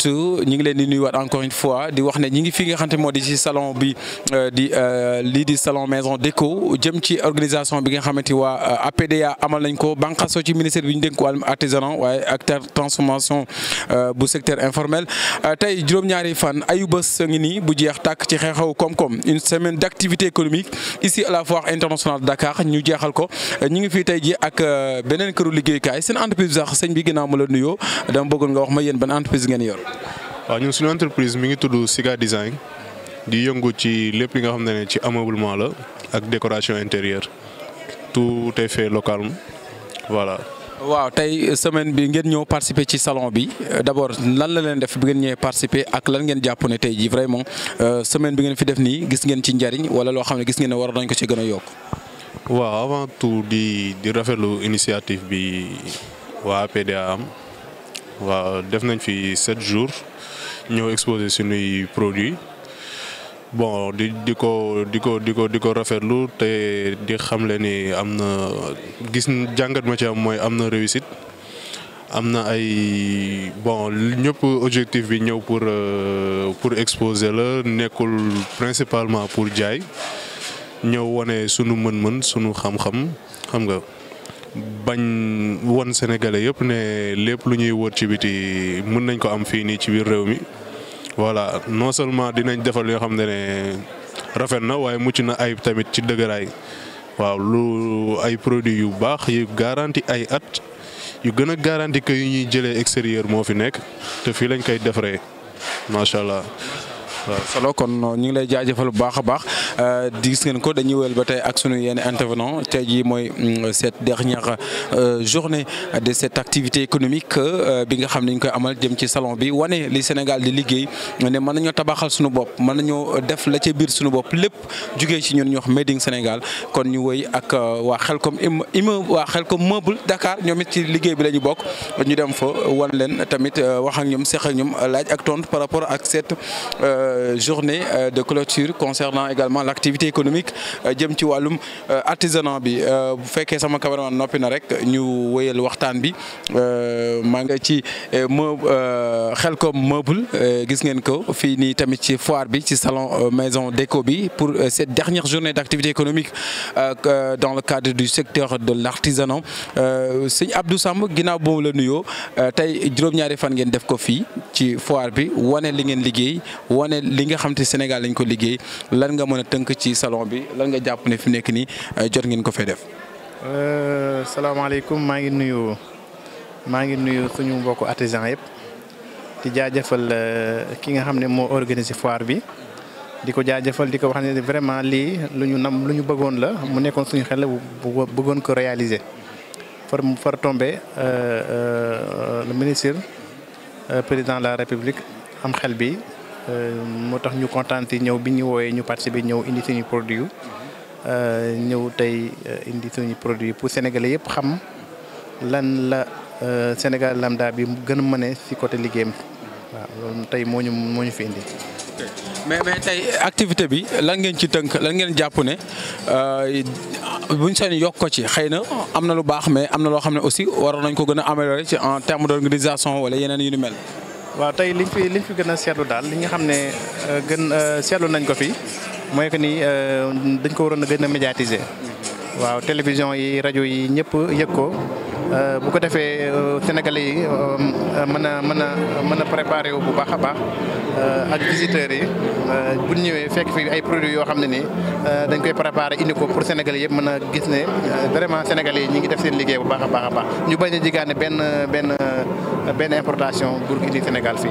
partout ñu ngi leen di nuyuwaat encore une fois di wax ne ñi ngi fi nga xamante moo di ci salon bi euh, di euh, lii di salon maison déco jëm ci organisation bi nga xamante waa APDA euh, amal nañ ko bànqaasoo ci ministère bi ñu dénk wàllum artisanat waaye acteur transformation bu secteur informel tey juróom-ñaari fan ayu bés ngi nii bu jeex tàkk ci xew-xew koom-koom une semaine d' activité économique ici à la foire internationale de Dakar ñu jeexal ko ñu ngi fii tey ji ak beneen këru liggéeykaay seen entreprise sax sëñ bi ginnaaw ma la nuyoo dama bëggoon waaw ñun suñu entreprise mi ngi tudd Siga Design di yëngu ci lépp li nga xam ne ci ameublement la ak décoration intérieur tout est fait voilà. waaw tey semaine bi ngeen ñëw participer ci salon bi euh, d'abord lan la leen def bu ngeen ñëwee participer ak lan ngeen jàpp ne tey jii vraiment euh, semaine bi ngeen fi def nii gis ngeen ci njariñ wala loo xam ne gis ngeen ne war nañ ko ci gën a yokk. waaw avant tout di di rafetlu initiative bi waa PDA am. waaw def nañ fi sept jours ñëw exposé suñuy produits bon di di ko di ko di ko di ko rafetlu te di xam le ni am na gis jàngat ma ci am mooy am na réussite am na ay bon ñëpp objectif bi ñëw pour euh, pour exposer la nekkul principalement pour jaay ñëw wane sunu mën-mën sunu xam-xam xam nga. bañ won sénégalais yëpp ne lépp lu ñuy wër ci biti mun nañ ko am fii nii ci biir réew mi voilà non seulement dinañ defal yoo nga xam ne ne rafet na waaye mucc na ayib tamit ci dëgëraay waaw lu ay produits yu baax yu garanti ay at yu gën a garanti que yu ñuy jëlee extérieur moo fi nekk te fii lañ koy defaree macha allah. solo kon uh, ñu ngi lay jaajëfal bu baax a baax uh, di gis ngeen ko dañuy wéyal ba tey ak suñu yenn intervenant te jii mooy mm, cette dernière uh, journée de cette activité économique bi nga xam ne ñu koy amal jëm ci salon bi wane li Sénégal di liggéey ne mën nañoo tabaxal suñu bopp mën nañoo def la ca biir suñu bopp lépp jugee ci ñun ñu wax made in Sénégal kon ñu wéy ak waa Xelcom immeuble waa Xelcom meuble Dakar ñoom it ci liggéey bi la bokk ñu dem fa wan leen tamit wax ak ñoom seq ñoom laaj ak tontu rapport ak cette. Euh, journée euh, de clôture concernant également l'activité économique euh, jëm ci wàllum artisanat bi bu fekkee sama cameraman noppi na rek ñu wéyal waxtaan bi maa ngi ci Khelcom meuble gis ngeen ko fii nii tamit ci foire bi ci salon maison déco bi pour cette dernière journée d'activité économique dans le cadre du secteur de l'artisanat sëñ Abdou Samb ginnaaw boobu la nuyoo tey juróom-ñaari fan ngeen def ko fii ci foire bi wane li ngeen liggéey wane ne li nga xam te Sénégal lañ ko liggéey lan nga mën a tënk ci salon bi lan nga jàpp ne fi nekk nii euh, jot ngeen ko fay def. Euh, salaamaaleykum maa ngi nuyu maa ngi nuyu suñu mbokk artisan yëpp di jaajëfal euh, ki nga xam ne moo organisé foire bi. di ko jaajëfal di ko wax ne vraiment lii lu ñu nam lu ñu bëggoon la mu nekkoon suñu xel bu bëggoon ko réaliser far far tombé le ministre président la république am xel bi Euh, moo tax ñu kontaan si ñëw bi ñu wooyee ñu participer ñëw indi suñu produit euh, ñëw tey euh, indi suñu produit pour sénégalais yëpp xam lan la Sénégal lambda bi gën a mëne si côté liggéeyam waaw loolu tey moo ñu moo ñu fi indi. mais mais tey activité bi lan ngeen ci tënk lan ngeen jàpp ne buñ seen yokk ci xëy na am na lu baax mais am na loo xam ne aussi waroon nañ ko gën a améliorer ci en terme d'organisation wala yeneen yu ni mel. waaw tey liñ fi liñ fi gën a seetlu daal li nga xam ne euh, gën euh, seetlu nañ ko fi mooy que ni euh, dañ ko waroon a gën a médiatiser mhm. waaw télévision yi rajo yi ñëpp yëg ko. Euh, bu ko defee euh, sénégalais yi euh, mën a mën a mën a préparer wu bu baax a baax ak visiteurs yi bu ñëwee fekk fi ay produits yoo xam ne nii dañ koy préparer indi ko pour sénégalais yëpp mën a gis ne vraiment sénégal yi ñu ngi def seen liggéey bu baax a baax a baax ñu bañ a jigaane benn benn benn importation pour indi Sénégal fii.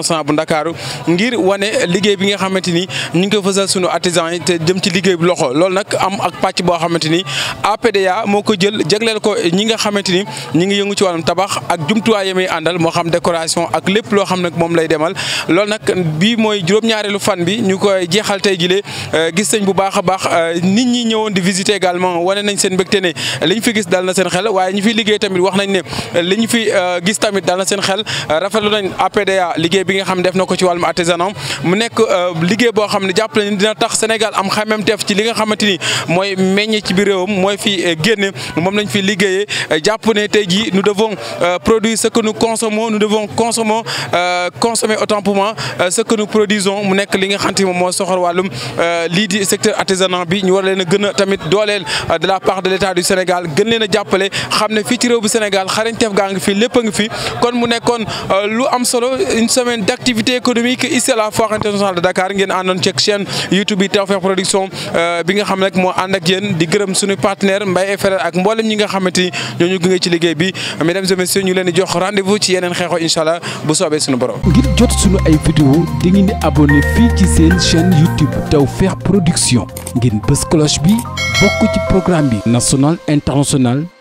international bu Ndakaaru ngir bi nga xamante ni ñu ngi ko fësal sunu yi te jëm ci liggéey bu loxo loolu nag am ak pàcc xamante ni moo ko jël jagleel ko ñi nga xamante ni ñi ngi yëngu ci wàllum tabax ak jumtuwaay yi muy àndal moo xam décoration ak lépp loo xam nag moom lay demal loolu nag bii mooy juróom-ñaareelu fan bi ñu koy jeexal tey jile euh, gis nañ bu baax a baax euh, nit ñi ñëwoon di visiter également wane nañ seen mbégte ne liñ fi gis dal na seen xel waaye ñu fi liggéey tamit wax nañ ne liñ fi euh, gis dal na seen xel rafetlu nañ APDA liggéey bi nga xam ne def na ko ci wàllum artisanat mu nekk euh, liggéey boo xam ne jàpp nañu dina tax Sénégal am xamemteef ci li nga xamante ni mooy meññe ci biir réewam mooy fi euh, génne moom lañ fi liggéeyee euh, jàpp ne tey jii nous devons produire ce que nous devons consommer consommer autant pour moi mu nekk li nga xamante ni moom moo soxor wàllum lii di secteur artisanat bi ñu war leen a gën a tamit dooleel de la part de l'État du Sénégal gën leen a jàppale xam ne fii ci réew bu Sénégal xarañteef gaa ngi fi lépp a fi domaine d' activité économique ici à la foire internationale de Dakar ngeen àndoon ceeg chaîne YouTube bi Tawfekh Production euh, bi nga xam nag moo ànd ak yéen di gërëm suñu partenaire mbay et Frères ak mboolem ñi nga xamante ni ñoo ñu gunge ci liggéey bi mesdames et messieurs ñu leen di jox rendez-vous ci yeneen xeexoo incha allah bu soobee suñu borom. ngir jot suñu ay vidéo di ngeen di abonné fii ci seen chaîne YouTube Tawfekh Production ngeen bës cloche bi bokk ci programme bi